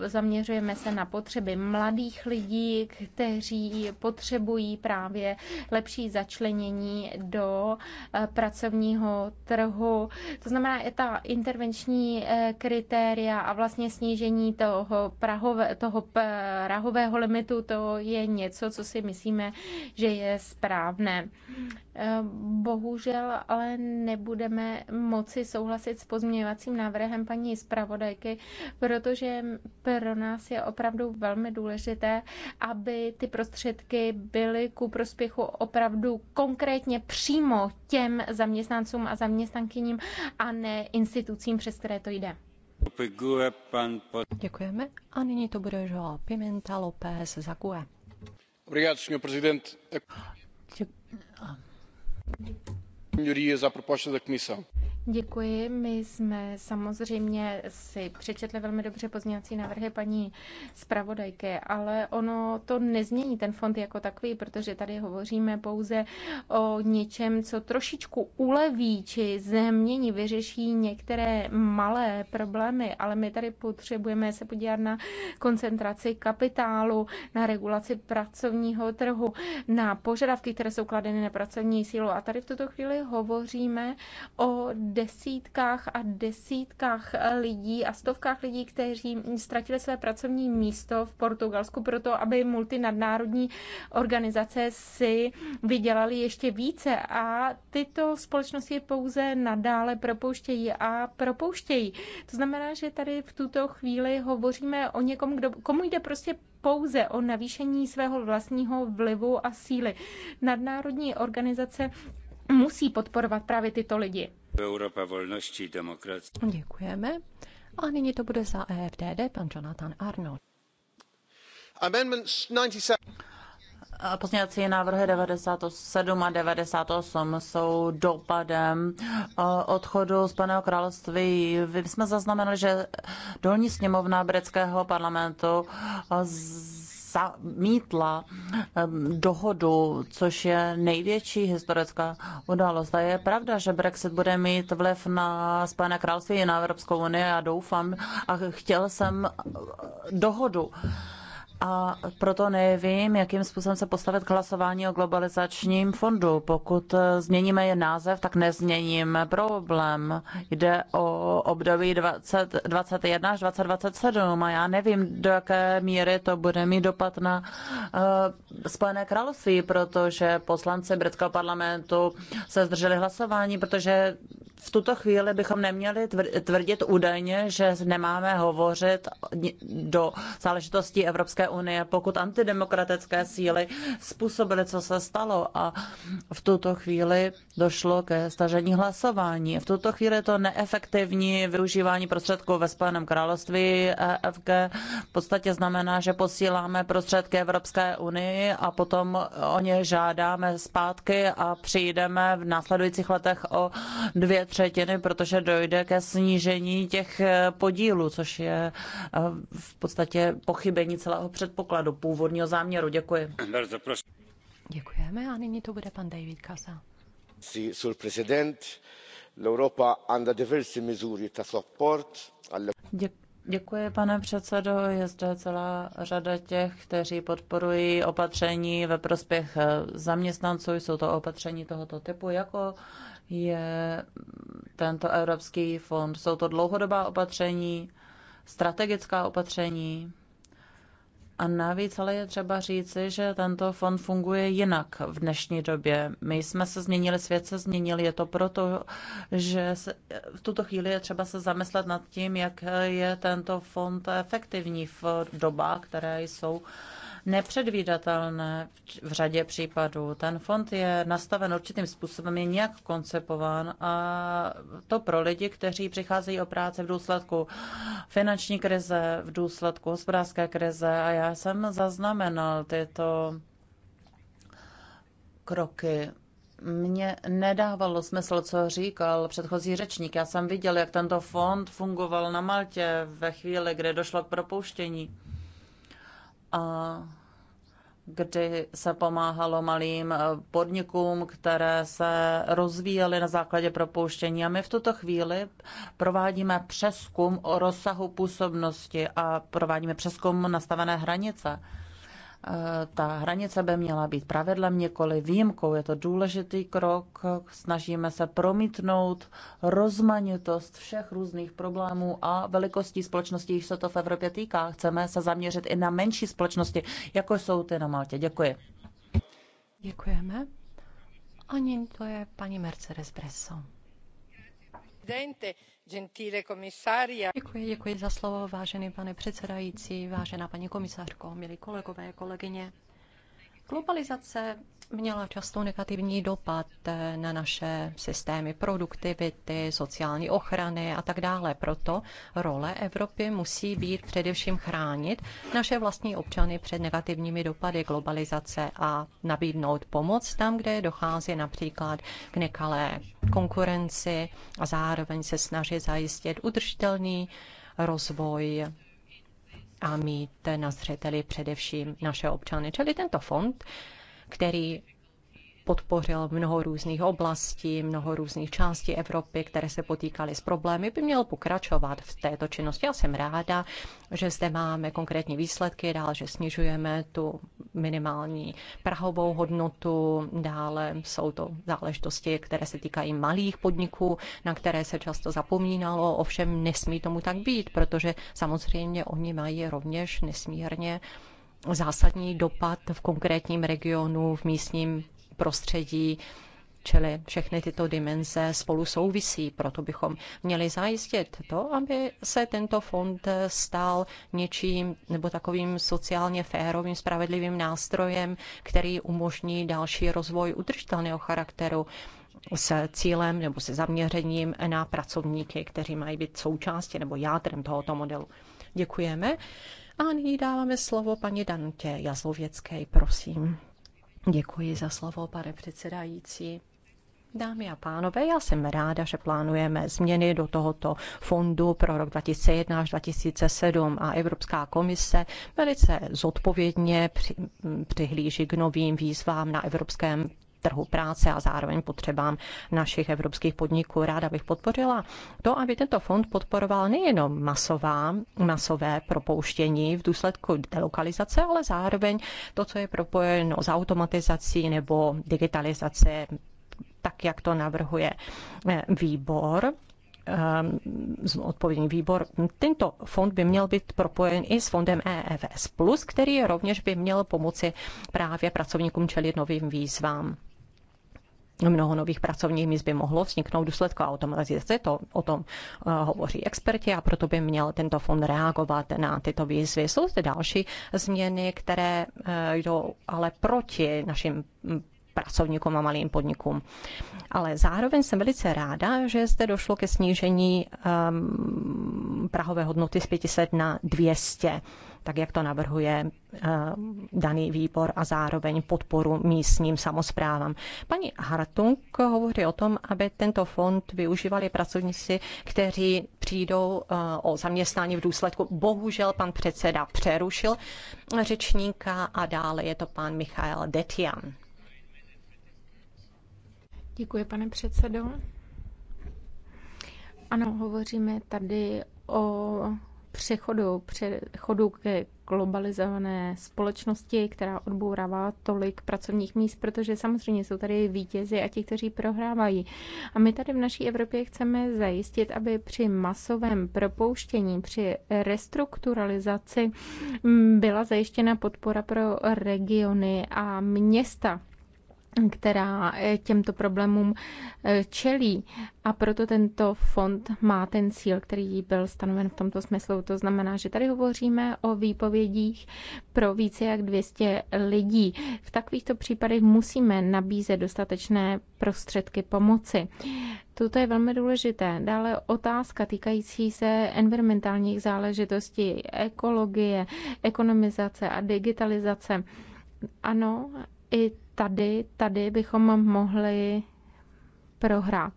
zaměřujeme se na potřeby mladých lidí, kteří potřebují právě lepší začlenění do pracovního trhu. To znamená, je ta intervenční kritéria a vlastně snížení toho, prahové, toho prahového limitu, to je něco, co si myslíme, že je správné. Eh, bohužel ale nebudeme moci souhlasit s pozměňovacím návrhem paní zpravodajky, protože pro nás je opravdu velmi důležité, aby ty prostředky byly ku prospěchu opravdu konkrétně přímo těm zaměstnancům a zaměstnankyním a ne institucím, přes které to jde. Děkujeme. A nyní to bude Joao Pimenta López za GUE senhor presidente. a melhoria da proposta da comissão. Děkuji. My jsme samozřejmě si přečetli velmi dobře pozměňovací návrhy paní zpravodajky, ale ono to nezmění ten fond jako takový, protože tady hovoříme pouze o něčem, co trošičku uleví či změní, vyřeší některé malé problémy, ale my tady potřebujeme se podívat na koncentraci kapitálu, na regulaci pracovního trhu, na požadavky, které jsou kladeny na pracovní sílu. A tady v tuto chvíli hovoříme o desítkách a desítkách lidí a stovkách lidí, kteří ztratili své pracovní místo v Portugalsku proto, aby multinadnárodní organizace si vydělali ještě více a tyto společnosti pouze nadále propouštějí a propouštějí. To znamená, že tady v tuto chvíli hovoříme o někom, kdo, komu jde prostě pouze o navýšení svého vlastního vlivu a síly. Nadnárodní organizace musí podporovat právě tyto lidi. Evropa volnosti demokracie. Děkujeme. A nyní to bude za EFDD pan Jonathan Arnold. Amendments 97. Pozměňovací návrhy 97 a 98 jsou dopadem odchodu z Spojeného království. My jsme zaznamenali, že dolní sněmovna britského parlamentu z zamítla dohodu, což je největší historická událost. A je pravda, že Brexit bude mít vliv na Spojené království i na Evropskou unii a doufám a chtěl jsem dohodu a proto nevím, jakým způsobem se postavit k hlasování o globalizačním fondu. Pokud změníme je název, tak nezměníme problém. Jde o období 2021 až 2027 a já nevím, do jaké míry to bude mít dopad na uh, Spojené království, protože poslanci britského parlamentu se zdrželi hlasování, protože v tuto chvíli bychom neměli tvrdit údajně, že nemáme hovořit do záležitosti Evropské Evropské unie, pokud antidemokratické síly způsobily, co se stalo a v tuto chvíli došlo ke stažení hlasování. V tuto chvíli to neefektivní využívání prostředků ve Spojeném království EFG v podstatě znamená, že posíláme prostředky Evropské unii a potom o ně žádáme zpátky a přijdeme v následujících letech o dvě třetiny, protože dojde ke snížení těch podílů, což je e, v podstatě pochybení celého předpokladu původního záměru. Děkuji. Děkujeme a nyní to bude pan David Kasa. Sul Děkuji, pane předsedo. Je zde celá řada těch, kteří podporují opatření ve prospěch eh, zaměstnanců. Jsou to opatření tohoto typu, jako je tento Evropský fond. Jsou to dlouhodobá opatření, strategická opatření, a navíc ale je třeba říci, že tento fond funguje jinak v dnešní době. My jsme se změnili, svět se změnil, je to proto, že se, v tuto chvíli je třeba se zamyslet nad tím, jak je tento fond efektivní v dobách, které jsou uh, nepředvídatelné v řadě případů. Ten fond je nastaven určitým způsobem, je nějak koncepován a to pro lidi, kteří přicházejí o práci v důsledku finanční krize, v důsledku hospodářské krize a já jsem zaznamenal tyto kroky mně nedávalo smysl, co říkal předchozí řečník. Já jsem viděl, jak tento fond fungoval na Maltě ve chvíli, kdy došlo k propouštění. A kdy se pomáhalo malým eh, podnikům, které se rozvíjely na základě propouštění. A my v tuto chvíli provádíme přeskum o rozsahu působnosti a provádíme přeskum nastavené hranice. Eh, ta hranice by měla být pravidlem, několik výjimkou. Je to důležitý krok. Snažíme se promítnout rozmanitost všech různých problémů a velikostí společností, když se to v Evropě týká. Chceme se zaměřit i na menší společnosti, jako jsou ty na Maltě. Děkuji. Děkujeme. Ani to je paní Mercedes Bresson. Děkuji, za slovo, vážený pane předsedající, vážená paní komisařko, milí kolegové, kolegyně. Globalizace měla často negativní dopad eh, na naše systémy produktivity, sociální ochrany a tak dále. Proto role Evropy musí být především chránit naše vlastní občany před negativními dopady globalizace a nabídnout pomoc tam, kde dochází například k nekalé konkurenci a zároveň se snažit zajistit udržitelný rozvoj a mít na zřeteli především naše občany. Čili tento fond který podpořil mnoho různých oblastí, mnoho různých částí Evropy, které se potýkaly s problémy, by měl pokračovat v této činnosti. Já jsem ráda, že zde máme konkrétní výsledky, dále, že snižujeme tu minimální prahovou hodnotu, dále jsou to záležitosti, které se týkají malých podniků, na které se často zapomínalo, ovšem nesmí tomu tak být, protože samozřejmě oni mají rovněž nesmírně zásadní dopad v konkrétním regionu, v místním prostředí, čili všechny tyto dimenze spolu souvisí. Proto bychom měli zajistit to, aby se tento fond stal něčím nebo takovým sociálně férovým, spravedlivým nástrojem, který umožní další rozvoj udržitelného charakteru s cílem nebo se zaměřením na pracovníky, kteří mají být součástí nebo jádrem tohoto modelu. Děkujeme. A nyní dáváme slovo paní Danutě Jazlověcké, prosím. Děkuji za slovo, pane předsedající. Dámy a pánové, já jsem ráda, že plánujeme změny do tohoto fondu pro rok 2001 až 2007 a Evropská komise velice zodpovědně přihlíží k novým výzvám na evropském trhu práce a zároveň potřebám našich evropských podniků. Ráda bych podpořila to, aby tento fond podporoval nejenom masová, masové propouštění v důsledku delokalizace, ale zároveň to, co je propojeno s automatizací nebo digitalizace, tak jak to navrhuje eh, výbor eh, odpovědný výbor. Tento fond by měl být propojen i s fondem EFS+, který rovněž by měl pomoci právě pracovníkům čelit novým výzvám mnoho nových pracovních míst by mohlo vzniknout důsledku automatizace, to o tom eh, hovoří experti a proto by měl tento fond reagovat na tyto výzvy. Jsou zde další změny, které eh, jdou ale proti našim hm, pracovníkům a malým podnikům. Ale zároveň jsem velice ráda, že zde došlo ke snížení um, prahové hodnoty z 500 na 200, tak jak to navrhuje eh, daný výbor a zároveň podporu místním samozprávám. Paní Hartung hovoří o tom, aby tento fond využívali pracovníci, kteří přijdou eh, o zaměstnání v důsledku. Bohužel pan předseda přerušil řečníka a dále je to pan Michal Detian. Děkuji, pane předsedo. Ano, hovoříme tady o přechodu, přechodu ke globalizované společnosti, která odbourává tolik pracovních míst, protože samozřejmě jsou tady vítězi a ti, kteří prohrávají. A my tady v naší Evropě chceme zajistit, aby při masovém propouštění, při restrukturalizaci byla zajištěna podpora pro regiony a města která eh, těmto problémům eh, čelí. A proto tento fond má ten cíl, který byl stanoven v tomto smyslu. To znamená, že tady hovoříme o výpovědích pro více jak 200 lidí. V takovýchto případech musíme nabízet dostatečné prostředky pomoci. Toto je velmi důležité. Dále otázka týkající se environmentálních záležitostí, ekologie, ekonomizace a digitalizace. Ano, i tady, tady bychom mohli prohrát.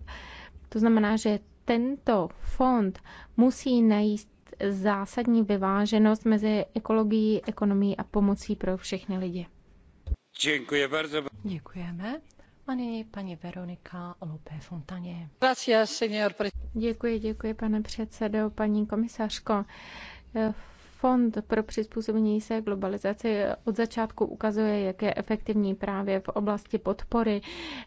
To znamená, že tento fond musí najít zásadní vyváženost mezi ekologií, ekonomií a pomocí pro všechny lidi. Děkuji bardzo. Děkujeme. A nyní paní Veronika Lopé Fontaně. Děkuji, děkuji, pane předsedo, paní komisařko. Fond pro přizpůsobení se globalizaci od začátku ukazuje, jak je efektivní právě v oblasti podpory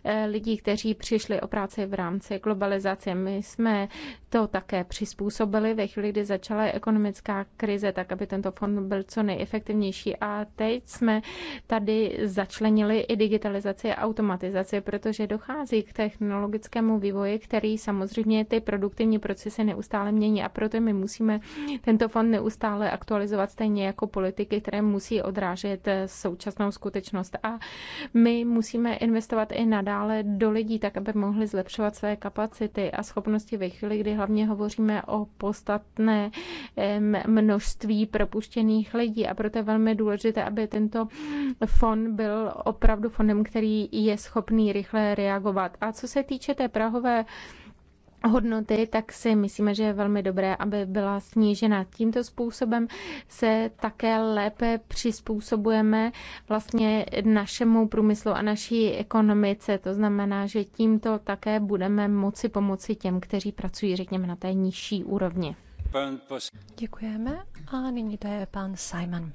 eh, lidí, kteří přišli o práci v rámci globalizace. My jsme to také přizpůsobili ve chvíli, kdy začala ekonomická krize, tak aby tento fond byl co nejefektivnější. A teď jsme tady začlenili i digitalizaci a automatizaci, protože dochází k technologickému vývoji, který samozřejmě ty produktivní procesy neustále mění a proto my musíme tento fond neustále aktualizovat aktualizovat stejně jako politiky, které musí odrážet současnou skutečnost. A my musíme investovat i nadále do lidí, tak aby mohli zlepšovat své kapacity a schopnosti ve chvíli, kdy hlavně hovoříme o podstatné množství propuštěných lidí. A proto je velmi důležité, aby tento fond byl opravdu fondem, který je schopný rychle reagovat. A co se týče té Prahové hodnoty, tak si myslíme, že je velmi dobré, aby byla snížena. Tímto způsobem se také lépe přizpůsobujeme vlastně našemu průmyslu a naší ekonomice. To znamená, že tímto také budeme moci pomoci těm, kteří pracují, řekněme, na té nižší úrovni. Děkujeme a nyní to je pan Simon.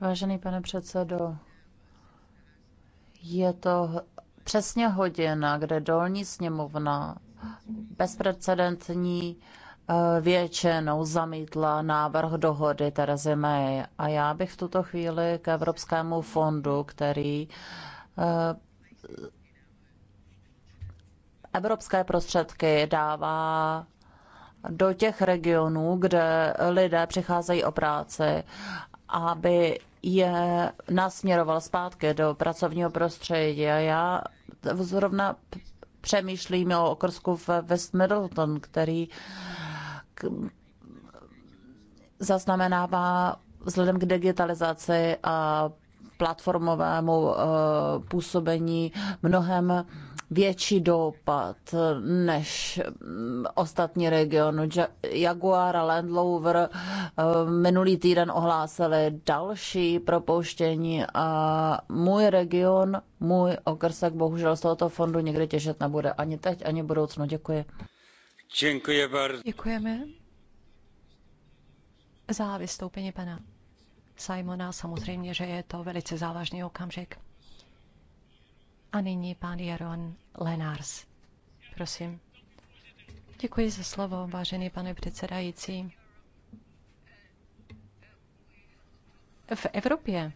Vážený pane předsedo, je to přesně hodina, kde dolní sněmovna bezprecedentní eh, většinou zamítla návrh dohody Terezy May. A já bych v tuto chvíli k Evropskému fondu, který eh, evropské prostředky dává do těch regionů, kde lidé přicházejí o práci, aby je nasměroval zpátky do pracovního prostředí. A já zrovna přemýšlíme o okrsku v West Middleton, který zaznamenává vzhledem k digitalizaci a platformovému eh, působení mnohem větší dopad než mm, ostatní regiony. Jaguar a Land Rover eh, minulý týden ohlásili další propouštění a můj region, můj okrsek bohužel z tohoto fondu nikdy těžet nebude ani teď, ani v budoucnu. Děkuji. Děkuji bardzo. Děkujeme za vystoupení pana Simona. Samozřejmě, že je to velice závažný okamžik. A nyní pán Jaron Lenars. Prosím. Děkuji za slovo, vážený pane předsedající. V Evropě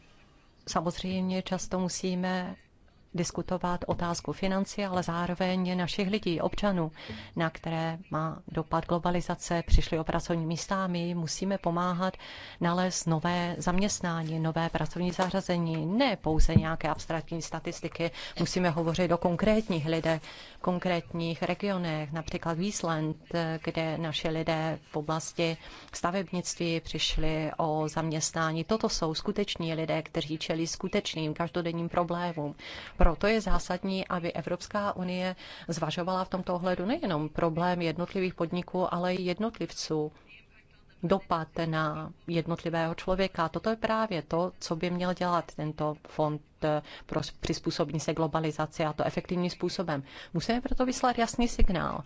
samozřejmě často musíme diskutovat otázku financí, ale zároveň našich lidí, občanů, na které má dopad globalizace, přišli o pracovní místa my musíme pomáhat nalézt nové zaměstnání, nové pracovní zařazení, ne pouze nějaké abstraktní statistiky, musíme hovořit o konkrétních lidech, konkrétních regionech, například Výsland, kde naše lidé v oblasti stavebnictví přišli o zaměstnání. Toto jsou skuteční lidé, kteří čelí skutečným každodenním problémům proto je zásadní, aby Evropská unie zvažovala v tomto ohledu nejenom problém jednotlivých podniků, ale i jednotlivců dopad na jednotlivého člověka. Toto je právě to, co by měl dělat tento fond eh, pro přizpůsobení se globalizaci a to efektivním způsobem. Musíme proto vyslat jasný signál,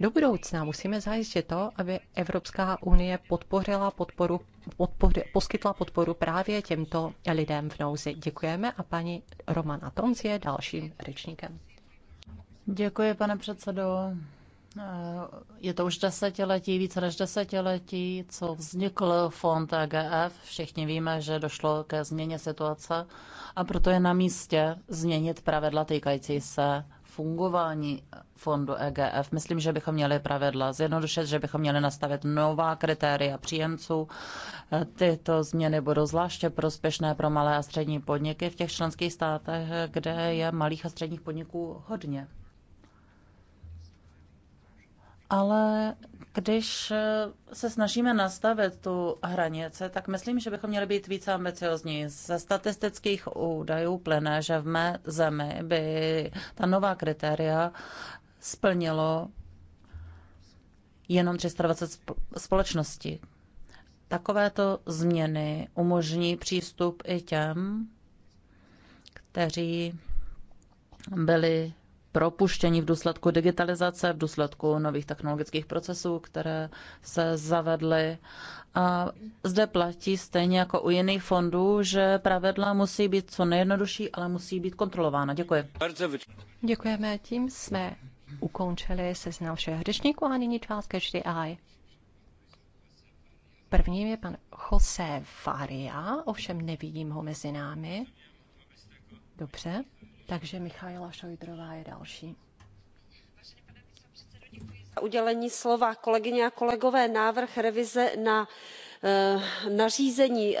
do budoucna musíme zajistit to, aby Evropská unie podpořila podporu, podpoř, poskytla podporu právě těmto lidem v nouzi. Děkujeme a paní Romana Tomc je dalším řečníkem. Děkuji, pane předsedo. Eh, je to už desetiletí, více než desetiletí, co vznikl fond EGF. Všichni víme, že došlo ke změně situace a proto je na místě změnit pravidla týkající se fungování fondu EGF. Myslím, že bychom měli pravidla zjednodušit, že bychom měli nastavit nová kritéria příjemců. Eh, tyto změny budou zvláště prospěšné pro malé a střední podniky v těch členských státech, kde je malých a středních podniků hodně ale když se snažíme nastavit tu hranice, tak myslím, že bychom měli být více ambiciozní. Ze statistických údajů plyne, že v mé zemi by ta nová kritéria splnilo jenom 320 společností. Takovéto změny umožní přístup i těm, kteří byli propuštění v důsledku digitalizace, v důsledku nových technologických procesů, které se zavedly. A zde platí stejně jako u jiných fondů, že pravidla musí být co nejjednodušší, ale musí být kontrolována. Děkuji. Děkujeme. Tím jsme ukončili seznam všech řečníků a nyní část každý HDI. Prvním je pan Jose Faria, ovšem nevidím ho mezi námi. Dobře, takže Michaela Šojdrová je další. Za udělení slova kolegyně a kolegové návrh revize na eh, nařízení eh,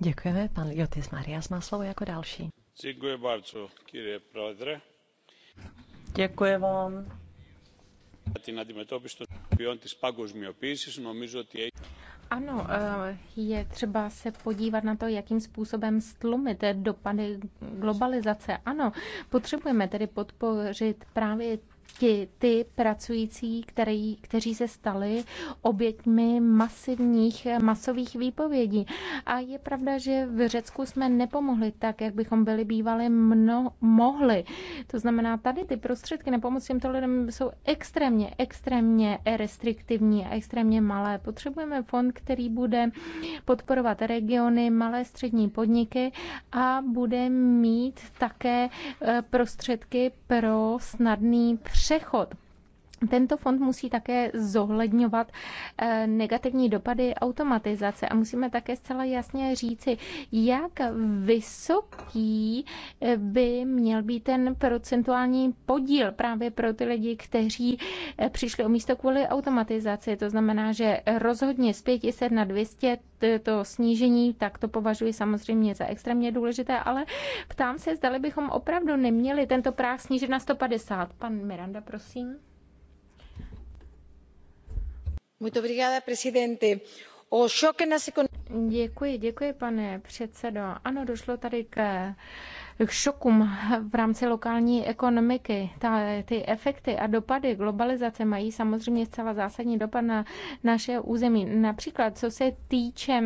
Děkujeme. Pan Jotis Marias má slovo jako další. Děkuji vám. Ano, eh, je třeba se podívat na to, jakým způsobem stlumit dopady globalizace. Ano, potřebujeme tedy podpořit právě ti, ty pracující, který, kteří se stali oběťmi masivních, masových výpovědí. A je pravda, že v Řecku jsme nepomohli tak, jak bychom byli bývali mno, mohli. To znamená, tady ty prostředky na pomoc těmto lidem jsou extrémně, extrémně restriktivní a extrémně malé. Potřebujeme fond, který bude podporovat regiony, malé střední podniky a bude mít také eh, prostředky pro snadný přechod tento fond musí také zohledňovat eh, negativní dopady automatizace a musíme také zcela jasně říci, jak vysoký eh, by měl být ten procentuální podíl právě pro ty lidi, kteří eh, přišli o místo kvůli automatizaci. To znamená, že rozhodně z 500 na 200 to snížení, tak to považuji samozřejmě za extrémně důležité, ale ptám se, zdali bychom opravdu neměli tento práh snížit na 150. Pan Miranda, prosím pane předsedající Ano, došlo tady k šokům v rámci lokální ekonomiky. ty efekty a dopady globalizace mají samozřejmě zcela zásadní dopad na naše území. Například, co se týče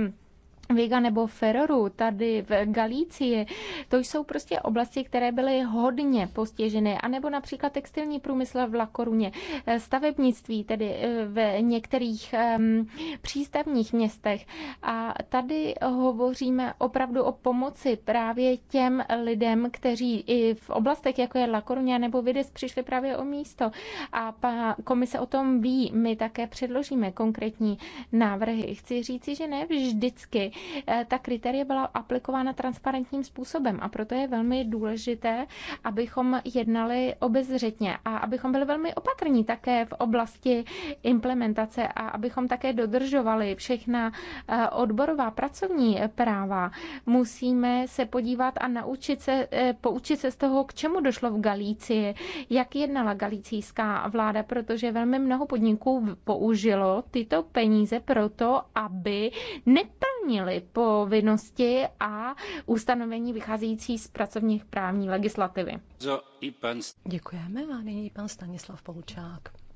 Vega nebo Ferroru tady v Galicii, to jsou prostě oblasti, které byly hodně postiženy, nebo například textilní průmysl v Lakoruně, eh, stavebnictví tedy eh, v některých um, přístavních městech. A tady hovoříme opravdu o pomoci právě těm lidem, kteří i v oblastech, jako je Lakoruně nebo Vides, přišli právě o místo. A pa, komise o tom ví, my také předložíme konkrétní návrhy. Chci říci, že ne vždycky Eh, ta kritéria byla aplikována transparentním způsobem a proto je velmi důležité, abychom jednali obezřetně a abychom byli velmi opatrní také v oblasti implementace a abychom také dodržovali všechna eh, odborová pracovní práva. Musíme se podívat a naučit se, eh, poučit se z toho, k čemu došlo v Galicii, jak jednala galicijská vláda, protože velmi mnoho podniků použilo tyto peníze proto, aby neplnil splnili povinnosti a ustanovení vycházející z pracovních právní legislativy. Děkujeme a nyní pan Stanislav Polčák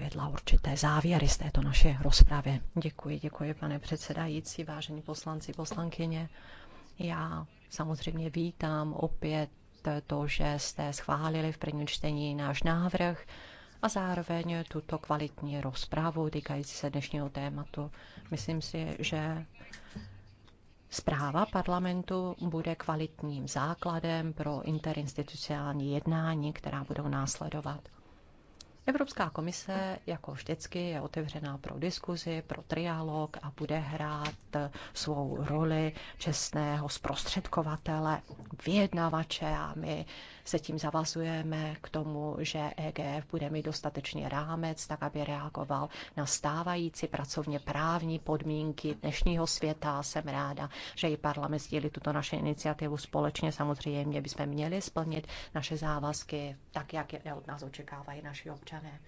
vedla určité závěry z této naše rozpravy. Děkuji, děkuji, pane předsedající, vážení poslanci, poslankyně. Já samozřejmě vítám opět to, že jste schválili v prvním čtení náš návrh a zároveň tuto kvalitní rozpravu týkající se dnešního tématu. Myslím si, že Zpráva parlamentu bude kvalitním základem pro interinstitucionální jednání, která budou následovat. Evropská komise, jako vždycky, je otevřená pro diskuzi, pro trialog a bude hrát svou roli čestného zprostředkovatele, vyjednavače a my se tím zavazujeme k tomu, že EGF bude mít dostatečný rámec, tak aby reagoval na stávající pracovně právní podmínky dnešního světa. Jsem ráda, že i parlament sdílí tuto naši iniciativu společně. Samozřejmě bychom měli splnit naše závazky tak, jak je od nás očekávají naši občané občané.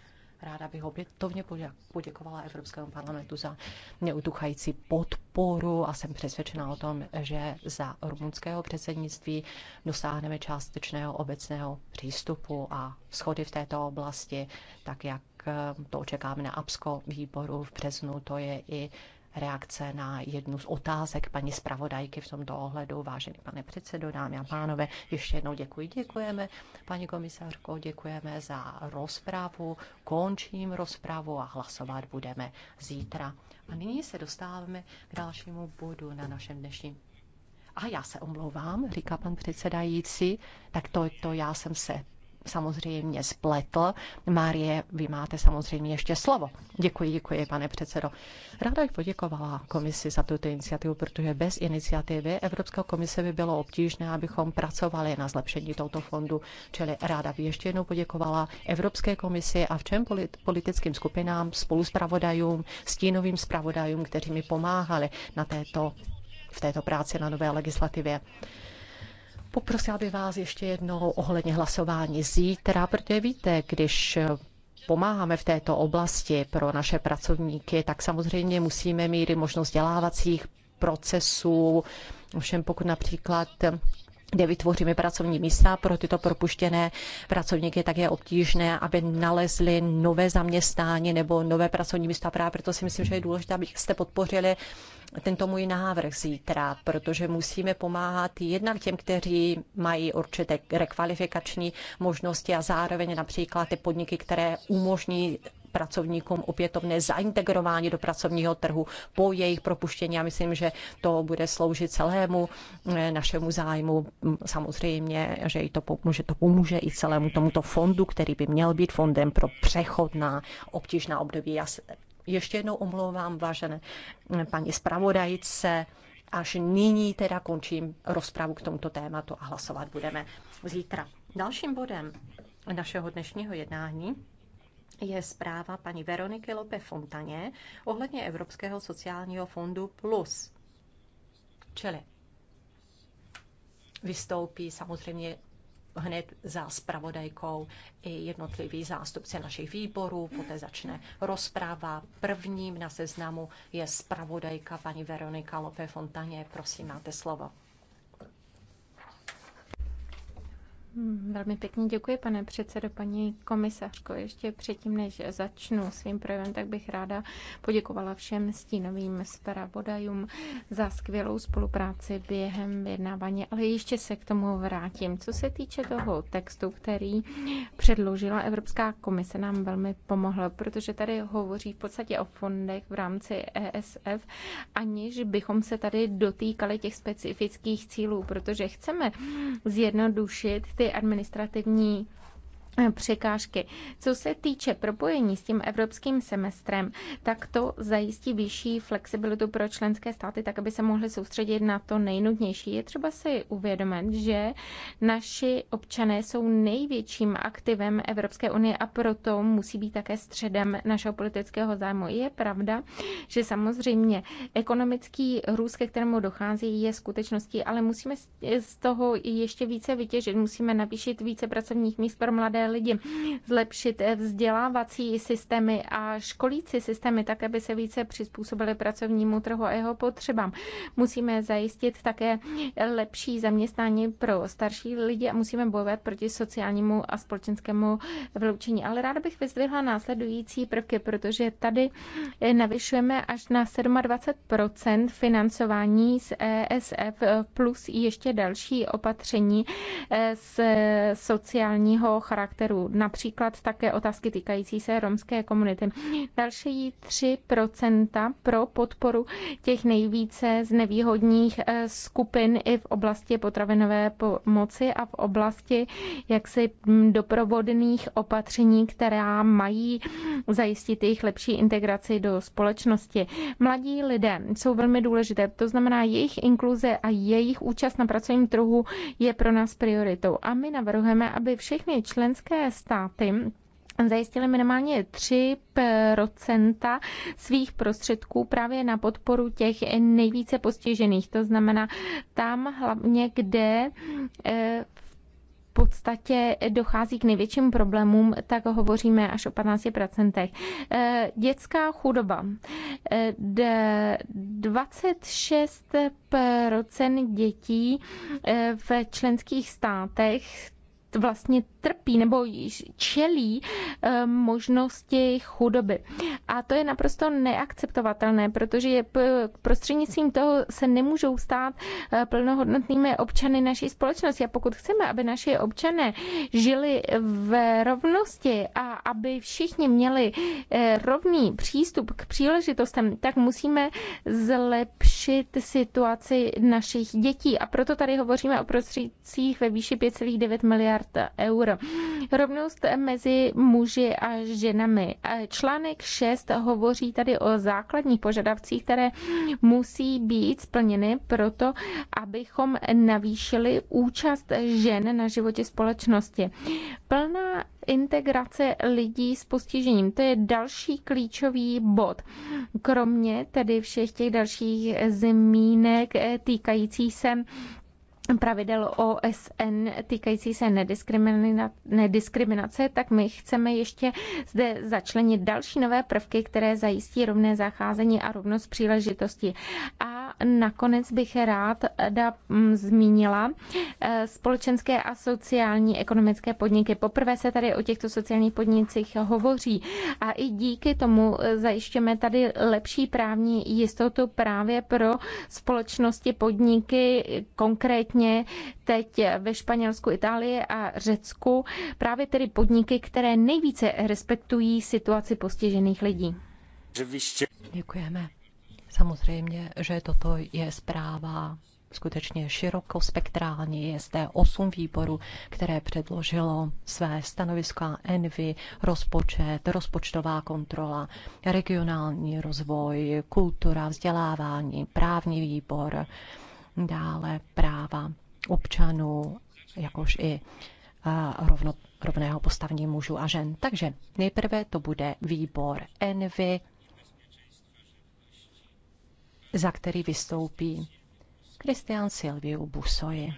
Ráda bych opětovně poděkovala Evropskému parlamentu za neutuchající podporu a jsem přesvědčena o tom, že za rumunského předsednictví dosáhneme částečného obecného přístupu a schody v této oblasti, tak jak eh, to očekáváme na APSCO výboru v březnu. To je i reakce na jednu z otázek paní zpravodajky v tomto ohledu. Vážený pane předsedo, dámy a pánové, ještě jednou děkuji. Děkujeme, paní komisařko, děkujeme za rozpravu. Končím rozpravu a hlasovat budeme zítra. A nyní se dostáváme k dalšímu bodu na našem dnešním a já se omlouvám, říká pan předsedající, tak to, to já jsem se samozřejmě spletl. Marie, vy máte samozřejmě ještě slovo. Děkuji, děkuji, pane předsedo. Ráda bych poděkovala komisi za tuto iniciativu, protože bez iniciativy Evropská komise by bylo obtížné, abychom pracovali na zlepšení tohoto fondu. Čili ráda bych ještě jednou poděkovala Evropské komisi a všem politickým skupinám, spoluspravodajům, stínovým spravodajům, kteří mi pomáhali na této, v této práci na nové legislativě. Poprosila bych vás ještě jednou ohledně hlasování zítra, protože víte, když pomáháme v této oblasti pro naše pracovníky, tak samozřejmě musíme mít možnost dělávacích procesů. Ovšem pokud například kde vytvoříme pracovní místa pro tyto propuštěné pracovníky, tak je obtížné, aby nalezli nové zaměstnání nebo nové pracovní místa. Právě proto si myslím, že je důležité, abyste podpořili tento můj návrh zítra, protože musíme pomáhat jednak těm, kteří mají určité rekvalifikační možnosti a zároveň například ty podniky, které umožní pracovníkům opětovné zaintegrování do pracovního trhu po jejich propuštění. Já myslím, že to bude sloužit celému eh, našemu zájmu. Mm, samozřejmě, že i to pomůže, to pomůže i celému tomuto fondu, který by měl být fondem pro přechodná obtížná období. Já se ještě jednou omlouvám, vážené eh, paní zpravodajce, až nyní teda končím rozpravu k tomuto tématu a hlasovat budeme zítra. Dalším bodem našeho dnešního jednání je zpráva paní Veroniky Lope Fontaně ohledně Evropského sociálního fondu Plus. Čili vystoupí samozřejmě hned za spravodajkou i jednotlivý zástupce našich výborů, poté začne rozpráva. Prvním na seznamu je spravodajka paní Veronika Lope Fontaně. Prosím, máte slovo. Hmm, velmi pěkně děkuji, pane předsedo, paní komisařko. Ještě předtím, než začnu svým projevem, tak bych ráda poděkovala všem stínovým zpravodajům za skvělou spolupráci během vyjednávání, ale ještě se k tomu vrátím. Co se týče toho textu, který předložila Evropská komise, nám velmi pomohlo, protože tady hovoří v podstatě o fondech v rámci ESF, aniž bychom se tady dotýkali těch specifických cílů, protože chceme zjednodušit ty ty administrativní Eh, překážky. Co se týče propojení s tím evropským semestrem, tak to zajistí vyšší flexibilitu pro členské státy, tak aby se mohly soustředit na to nejnutnější. Je třeba si uvědomit, že naši občané jsou největším aktivem Evropské unie a proto musí být také středem našeho politického zájmu. Je pravda, že samozřejmě ekonomický růst, ke kterému dochází, je skutečností, ale musíme z toho ještě více vytěžit. Musíme navýšit více pracovních míst pro mladé lidi, zlepšit vzdělávací systémy a školící systémy, tak aby se více přizpůsobili pracovnímu trhu a jeho potřebám. Musíme zajistit také lepší zaměstnání pro starší lidi a musíme bojovat proti sociálnímu a společenskému vyloučení. Ale ráda bych vyzdvihla následující prvky, protože tady navyšujeme až na 27 financování z ESF plus ještě další opatření z sociálního charakteru charakteru, například také otázky týkající se romské komunity. Další 3% pro podporu těch nejvíce znevýhodných eh, skupin i v oblasti potravinové pomoci a v oblasti jaksi doprovodných opatření, která mají zajistit jejich lepší integraci do společnosti. Mladí lidé jsou velmi důležité, to znamená jejich inkluze a jejich účast na pracovním trhu je pro nás prioritou. A my navrhujeme, aby všechny členské členské státy zajistili minimálně 3 svých prostředků právě na podporu těch nejvíce postižených. To znamená tam hlavně, kde eh, v podstatě dochází k největším problémům, tak hovoříme až o 15%. Eh, dětská chudoba. 26% eh, dětí v členských státech vlastně trpí nebo již čelí eh, možnosti chudoby. A to je naprosto neakceptovatelné, protože je prostřednictvím toho se nemůžou stát eh, plnohodnotnými občany naší společnosti. A pokud chceme, aby naši občané žili v rovnosti a aby všichni měli eh, rovný přístup k příležitostem, tak musíme zlepšit situaci našich dětí. A proto tady hovoříme o prostředcích ve výši 5,9 miliard euro euro. Rovnost mezi muži a ženami. Článek 6 hovoří tady o základních požadavcích, které musí být splněny proto, abychom navýšili účast žen na životě společnosti. Plná integrace lidí s postižením. To je další klíčový bod. Kromě tedy všech těch dalších zmínek eh, týkající se pravidel OSN týkající se nediskriminace, tak my chceme ještě zde začlenit další nové prvky, které zajistí rovné zacházení a rovnost příležitosti. A nakonec bych rád da, eh, zmínila eh, společenské a sociální ekonomické podniky. Poprvé se tady o těchto sociálních podnicích hovoří a i díky tomu eh, zajišťujeme tady lepší právní jistotu právě pro společnosti, podniky, konkrétně konkrétně vlastně teď ve Španělsku, Itálii a Řecku, právě tedy podniky, které nejvíce respektují situaci postižených lidí. Děkujeme. Samozřejmě, že toto je zpráva skutečně širokospektrální. Je zde osm výborů, které předložilo své stanoviska ENVY, rozpočet, rozpočtová kontrola, regionální rozvoj, kultura, vzdělávání, právní výbor, dále práva občanů, jakož i rovno, rovného postavení mužů a žen. Takže nejprve to bude výbor Envy, za který vystoupí Christian Silviu Busoji.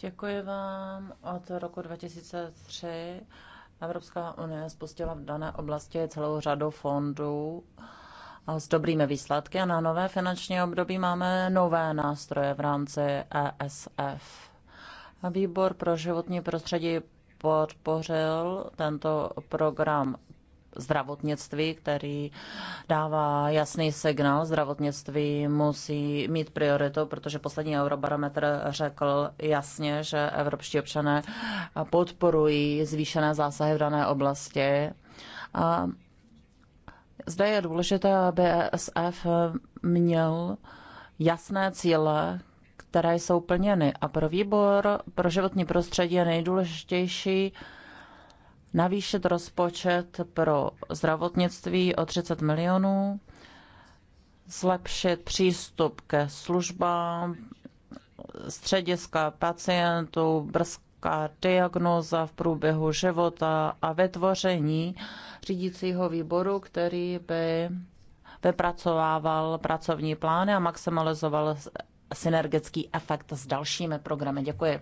Děkuji vám. Od roku 2003 Evropská unie spustila v dané oblasti celou řadu fondů s dobrými výsledky a na nové finanční období máme nové nástroje v rámci ESF. Výbor pro životní prostředí podpořil tento program zdravotnictví, který dává jasný signál. Zdravotnictví musí mít prioritu, protože poslední eurobarometr řekl jasně, že evropští občané podporují zvýšené zásahy v dané oblasti. A zde je důležité, aby ESF měl jasné cíle, které jsou plněny. A pro výbor pro životní prostředí je nejdůležitější navýšit rozpočet pro zdravotnictví o 30 milionů, zlepšit přístup ke službám, střediska pacientů, nějaká diagnóza v průběhu života a vytvoření řídícího výboru, který by vypracovával pracovní plány a maximalizoval synergický efekt s dalšími programy. Děkuji.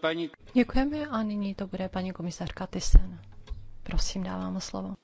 Paní... Děkujeme a nyní to bude paní komisařka Tysen. Prosím, dávám slovo.